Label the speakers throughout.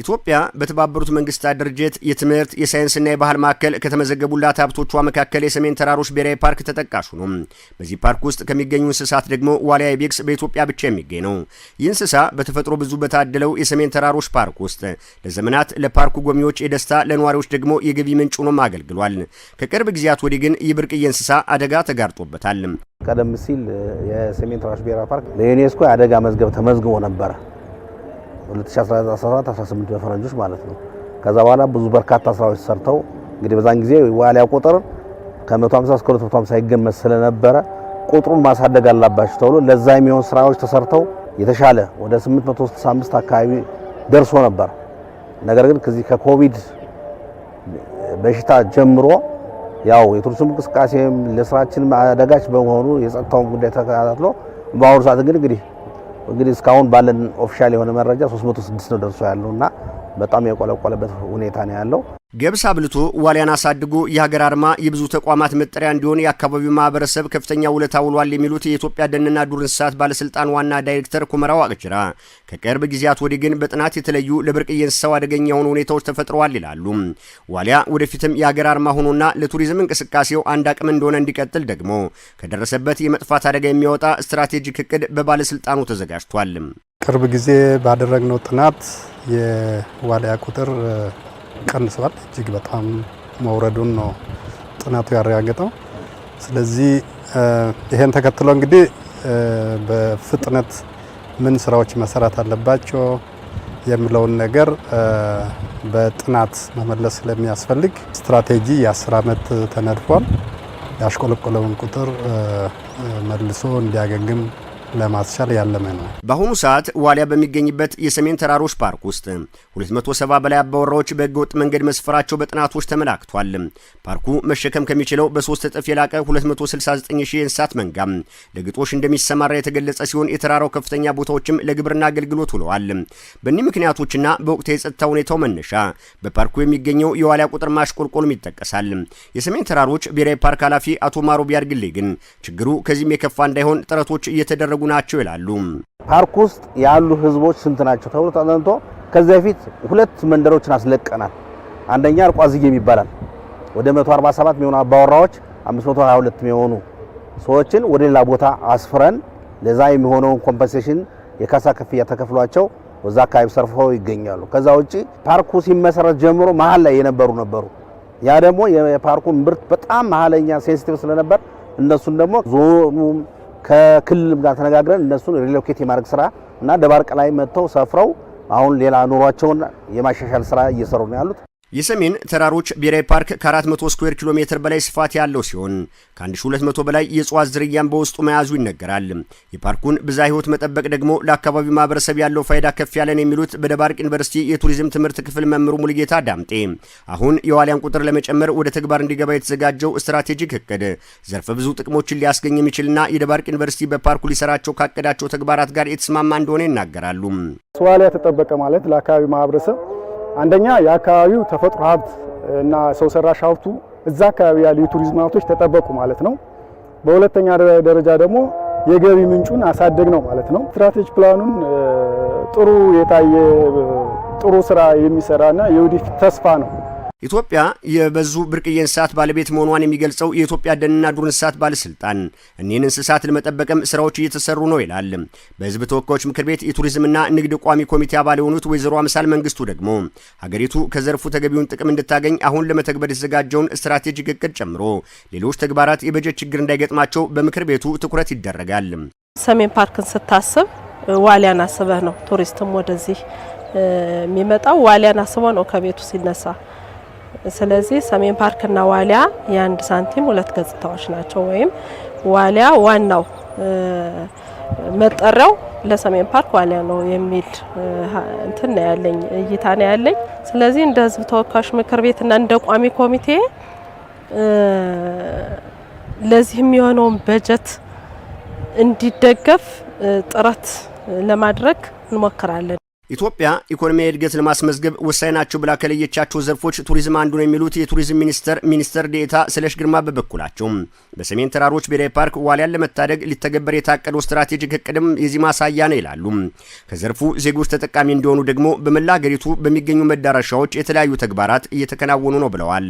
Speaker 1: ኢትዮጵያ በተባበሩት መንግስታት ድርጅት የትምህርት የሳይንስና የባህል ማዕከል ከተመዘገቡላት ሀብቶቿ መካከል የሰሜን ተራሮች ብሔራዊ ፓርክ ተጠቃሹ ነው። በዚህ ፓርክ ውስጥ ከሚገኙ እንስሳት ደግሞ ዋልያ አይቤክስ በኢትዮጵያ ብቻ የሚገኝ ነው። ይህ እንስሳ በተፈጥሮ ብዙ በታደለው የሰሜን ተራሮች ፓርክ ውስጥ ለዘመናት ለፓርኩ ጎብኚዎች የደስታ ለነዋሪዎች ደግሞ የገቢ ምንጭ ሆኖም አገልግሏል። ከቅርብ ጊዜያት ወዲህ ግን ይህ ብርቅዬ እንስሳ አደጋ ተጋርጦበታል።
Speaker 2: ቀደም ሲል የሰሜን ተራሮች ብሔራዊ ፓርክ ለዩኔስኮ የአደጋ መዝገብ ተመዝግቦ ነበር። 2017 18 በፈረንጆች ማለት ነው። ከዛ በኋላ ብዙ በርካታ ስራዎች ሰርተው እንግዲህ በዛን ጊዜ ዋሊያ ቁጥር ከ150 እስከ 250 ይገመት ስለነበረ ቁጥሩን ማሳደግ አላባችሁ ተብሎ ለዛ የሚሆን ስራዎች ተሰርተው የተሻለ ወደ 865 አካባቢ ደርሶ ነበር። ነገር ግን ከዚህ ከኮቪድ በሽታ ጀምሮ ያው የቱሪዝም እንቅስቃሴም ለስራችን አደጋች በመሆኑ የጸጥታውን ጉዳይ ተከታትሎ በአሁኑ ሰዓት እንግዲህ እንግዲህ እስካሁን ባለን ኦፊሻል የሆነ መረጃ 306 ነው ደርሶ ያለውና በጣም የቆለቆለበት ሁኔታ ነው ያለው።
Speaker 1: ገብስ አብልቶ ዋሊያን አሳድጎ የሀገር አርማ የብዙ ተቋማት መጠሪያ እንዲሆን የአካባቢው ማህበረሰብ ከፍተኛ ውለታ ውሏል የሚሉት የኢትዮጵያ ደንና ዱር እንስሳት ባለስልጣን ዋና ዳይሬክተር ኩመራው አቅጅራ ከቅርብ ጊዜያት ወዲህ ግን በጥናት የተለዩ ለብርቅዬ እንስሳው አደገኛ የሆኑ ሁኔታዎች ተፈጥረዋል ይላሉ። ዋልያ ወደፊትም የሀገር አርማ ሆኖና ለቱሪዝም እንቅስቃሴው አንድ አቅም እንደሆነ እንዲቀጥል ደግሞ ከደረሰበት የመጥፋት አደጋ የሚያወጣ ስትራቴጂክ እቅድ በባለስልጣኑ ተዘጋጅቷል።
Speaker 3: ቅርብ ጊዜ ባደረግነው ጥናት የዋልያ ቁጥር ቀንሷል። እጅግ በጣም መውረዱን ነው ጥናቱ ያረጋገጠው። ስለዚህ ይሄን ተከትሎ እንግዲህ በፍጥነት ምን ስራዎች መሰራት አለባቸው የሚለውን ነገር በጥናት መመለስ ስለሚያስፈልግ ስትራቴጂ የአስር ዓመት ተነድፏል። ያሽቆለቆለውን ቁጥር መልሶ እንዲያገግም ለማስቻል ያለመ ነው።
Speaker 1: በአሁኑ ሰዓት ዋሊያ በሚገኝበት የሰሜን ተራሮች ፓርክ ውስጥ 270 በላይ አባወራዎች በህገወጥ መንገድ መስፈራቸው በጥናቶች ተመላክቷል። ፓርኩ መሸከም ከሚችለው በሶስት እጥፍ የላቀ 269 ሺህ የእንስሳት መንጋ ለግጦሽ እንደሚሰማራ የተገለጸ ሲሆን የተራራው ከፍተኛ ቦታዎችም ለግብርና አገልግሎት ውለዋል። በእኒህ ምክንያቶችና በወቅት የጸጥታ ሁኔታው መነሻ በፓርኩ የሚገኘው የዋሊያ ቁጥር ማሽቆልቆልም ይጠቀሳል። የሰሜን ተራሮች ብሔራዊ ፓርክ ኃላፊ አቶ ማሮ ግሌ ግን ችግሩ ከዚህም የከፋ እንዳይሆን ጥረቶች እየተደረጉ የተደረጉ ናቸው ይላሉ።
Speaker 2: ፓርክ ውስጥ ያሉ ህዝቦች ስንት ናቸው ተብሎ ተጠንቶ ከዚህ በፊት ሁለት መንደሮችን አስለቀናል። አንደኛ አርቋዝዬ የሚባላል ወደ 147 የሚሆኑ አባወራዎች 522 የሚሆኑ ሰዎችን ወደ ሌላ ቦታ አስፍረን ለዛ የሚሆነውን ኮምፐንሴሽን የካሳ ክፍያ ተከፍሏቸው ወዛ አካባቢ ሰርፈው ይገኛሉ። ከዛ ውጪ ፓርኩ ሲመሰረት ጀምሮ መሀል ላይ የነበሩ ነበሩ። ያ ደግሞ የፓርኩ ምርት በጣም መሀለኛ ሴንሲቲቭ ስለነበር እነሱን ደግሞ ዞኑ ከክልልም ጋር ተነጋግረን እነሱን ሪሎኬት የማድረግ ስራ እና ደባርቅ ላይ መጥተው ሰፍረው አሁን ሌላ ኑሯቸውን የማሻሻል ስራ እየሰሩ ነው ያሉት።
Speaker 1: የሰሜን ተራሮች ብሔራዊ ፓርክ ከ400 ስኩዌር ኪሎ ሜትር በላይ ስፋት ያለው ሲሆን ከ1200 በላይ የእጽዋት ዝርያን በውስጡ መያዙ ይነገራል። የፓርኩን ብዝሃ ሕይወት መጠበቅ ደግሞ ለአካባቢው ማህበረሰብ ያለው ፋይዳ ከፍ ያለን የሚሉት በደባርቅ ዩኒቨርሲቲ የቱሪዝም ትምህርት ክፍል መምህሩ ሙልጌታ ዳምጤ፣ አሁን የዋልያን ቁጥር ለመጨመር ወደ ተግባር እንዲገባ የተዘጋጀው ስትራቴጂክ እቅድ ዘርፈ ብዙ ጥቅሞችን ሊያስገኝ የሚችልና የደባርቅ ዩኒቨርሲቲ በፓርኩ ሊሰራቸው ካቀዳቸው ተግባራት ጋር የተስማማ እንደሆነ ይናገራሉ።
Speaker 3: ዋልያ ተጠበቀ ማለት ለአካባቢው ማህበረሰብ አንደኛ የአካባቢው ተፈጥሮ ሀብት እና ሰው ሰራሽ ሀብቱ እዛ አካባቢ ያሉ የቱሪዝም ሀብቶች ተጠበቁ ማለት ነው። በሁለተኛ ደረጃ ደግሞ የገቢ ምንጩን አሳደግ ነው ማለት ነው። ስትራቴጂ ፕላኑን ጥሩ የታየ ጥሩ ስራ የሚሰራና የወደፊት ተስፋ ነው።
Speaker 1: ኢትዮጵያ የበዙ ብርቅዬ እንስሳት ባለቤት መሆኗን የሚገልጸው የኢትዮጵያ ደንና ዱር እንስሳት ባለስልጣን እኒህን እንስሳት ለመጠበቅም ስራዎች እየተሰሩ ነው ይላል። በህዝብ ተወካዮች ምክር ቤት የቱሪዝምና ንግድ ቋሚ ኮሚቴ አባል የሆኑት ወይዘሮ አምሳል መንግስቱ ደግሞ ሀገሪቱ ከዘርፉ ተገቢውን ጥቅም እንድታገኝ አሁን ለመተግበር የተዘጋጀውን ስትራቴጂክ እቅድ ጨምሮ ሌሎች ተግባራት የበጀት ችግር እንዳይገጥማቸው በምክር ቤቱ ትኩረት ይደረጋል።
Speaker 4: ሰሜን ፓርክን ስታስብ ዋሊያን አስበህ ነው ቱሪስትም ወደዚህ የሚመጣው። ዋሊያን አስበው ነው ከቤቱ ሲነሳ ስለዚህ ሰሜን እና ዋሊያ የአንድ ሳንቲም ሁለት ገጽታዎች ናቸው። ወይም ዋሊያ ዋናው መጠሪያው ለሰሜን ፓርክ ዋሊያ ነው የሚል እንትን ነው ያለኝ እይታ ነው ያለኝ። ስለዚህ እንደ ህዝብ ተወካዮች ምክር ቤትና እንደ ቋሚ ኮሚቴ ለዚህ የሚሆነውን በጀት እንዲደገፍ ጥረት ለማድረግ እንሞክራለን።
Speaker 1: ኢትዮጵያ ኢኮኖሚያዊ እድገት ለማስመዝገብ ወሳኝ ናቸው ብላ ከለየቻቸው ዘርፎች ቱሪዝም አንዱ ነው የሚሉት የቱሪዝም ሚኒስቴር ሚኒስትር ዴኤታ ስለሽ ግርማ በበኩላቸው በሰሜን ተራሮች ብሔራዊ ፓርክ ዋልያን ለመታደግ ሊተገበር የታቀደው ስትራቴጂክ እቅድም የዚህ ማሳያ ነው ይላሉ። ከዘርፉ ዜጎች ተጠቃሚ እንዲሆኑ ደግሞ በመላ ሀገሪቱ በሚገኙ መዳረሻዎች የተለያዩ ተግባራት እየተከናወኑ ነው ብለዋል።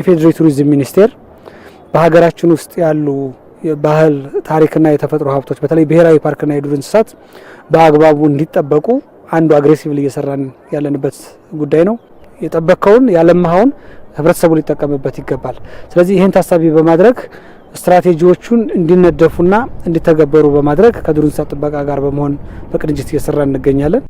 Speaker 5: የፌዴራል ቱሪዝም ሚኒስቴር በሀገራችን ውስጥ ያሉ ባህል፣ ታሪክና የተፈጥሮ ሀብቶች በተለይ ብሔራዊ ፓርክና የዱር እንስሳት በአግባቡ እንዲጠበቁ አንዱ አግሬሲቭሊ እየሰራን ያለንበት ጉዳይ ነው። የጠበከውን ያለመሃውን ህብረተሰቡ ሊጠቀምበት ይገባል። ስለዚህ ይህን ታሳቢ በማድረግ ስትራቴጂዎቹን እንዲነደፉና እንዲተገበሩ በማድረግ ከዱር እንስሳት ጥበቃ ጋር በመሆን በቅንጅት እየሰራ እንገኛለን።